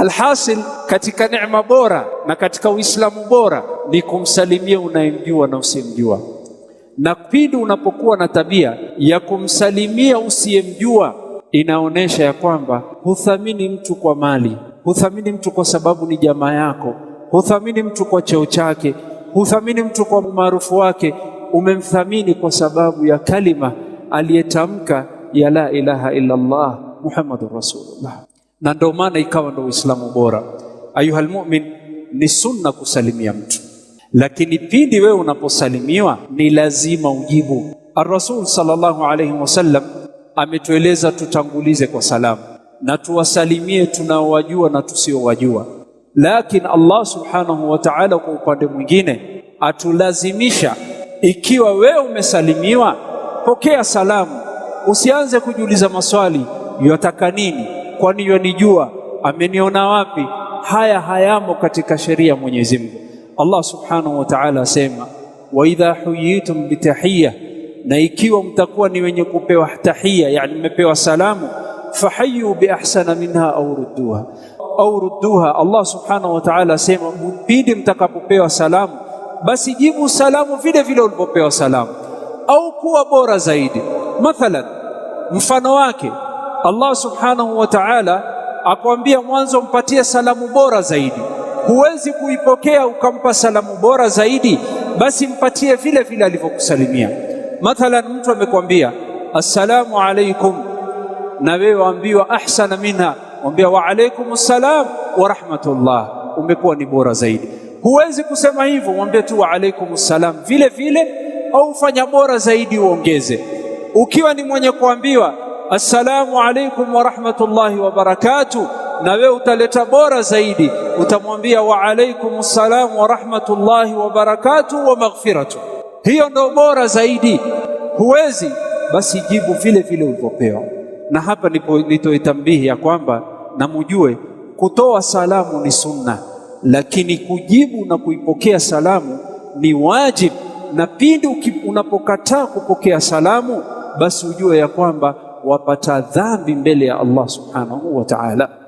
Alhasil, katika neema bora na katika Uislamu bora ni kumsalimia unayemjua na usiyemjua, na pindi unapokuwa na tabia ya kumsalimia usiyemjua, inaonyesha ya kwamba huthamini mtu kwa mali, huthamini mtu kwa sababu ni jamaa yako, huthamini mtu kwa cheo chake, huthamini mtu kwa umaarufu wake, umemthamini kwa sababu ya kalima aliyetamka ya la ilaha illa Allah Muhammadur rasulullah na ndio maana ikawa ndio Uislamu bora. Ayuhal mu'min, ni sunna kusalimia mtu, lakini pindi wewe unaposalimiwa ni lazima ujibu. Ar-Rasul sallallahu alayhi wasallam ametueleza tutangulize kwa salamu na tuwasalimie tunaowajua na tusiowajua, lakini Allah subhanahu wa ta'ala kwa upande mwingine atulazimisha, ikiwa wewe umesalimiwa, pokea salamu, usianze kujiuliza maswali yataka nini kwani yanijua? Ameniona wapi? Haya hayamo katika sheria Mwenyezi Mungu. Allah subhanahu wa ta'ala asema, wa idha huyitum bitahiyya, na ikiwa mtakuwa ni wenye kupewa tahiyya, yani mmepewa salamu, fahayu biahsana minha au rudduha au rudduha. Allah subhanahu wa ta'ala asema, mpindi mtakapopewa salamu, basi jibu salamu vile vile ulipopewa salamu, au kuwa bora zaidi. Mathalan, mfano wake Allah subhanahu wa ta'ala akwambia mwanzo mpatie salamu bora zaidi. Huwezi kuipokea ukampa salamu bora zaidi, basi mpatie vile vile alivyokusalimia. Mathalan, mtu amekwambia assalamu alaikum, na wewe waambiwa ahsana minha, waambia wa alaikum assalam wa rahmatullah, umekuwa ni bora zaidi. Huwezi kusema hivyo, mwambie tu wa alaikum assalam vile vile, au fanya bora zaidi uongeze. Ukiwa ni mwenye kuambiwa assalamu alaikum wa wabarakatuh, na wewe utaleta bora zaidi, utamwambia wa alaikum salam wa rahmatullahi wa maghfiratuh. Hiyo ndo bora zaidi. Huwezi basi, jibu vile vile ulivyopewa. Na hapa nitoe tambihi ya kwamba namujue kutoa salamu ni sunna, lakini kujibu na kuipokea salamu ni wajibu, na pindi unapokataa kupokea salamu, basi ujue ya kwamba wapata dhambi mbele ya Allah subhanahu wa ta'ala.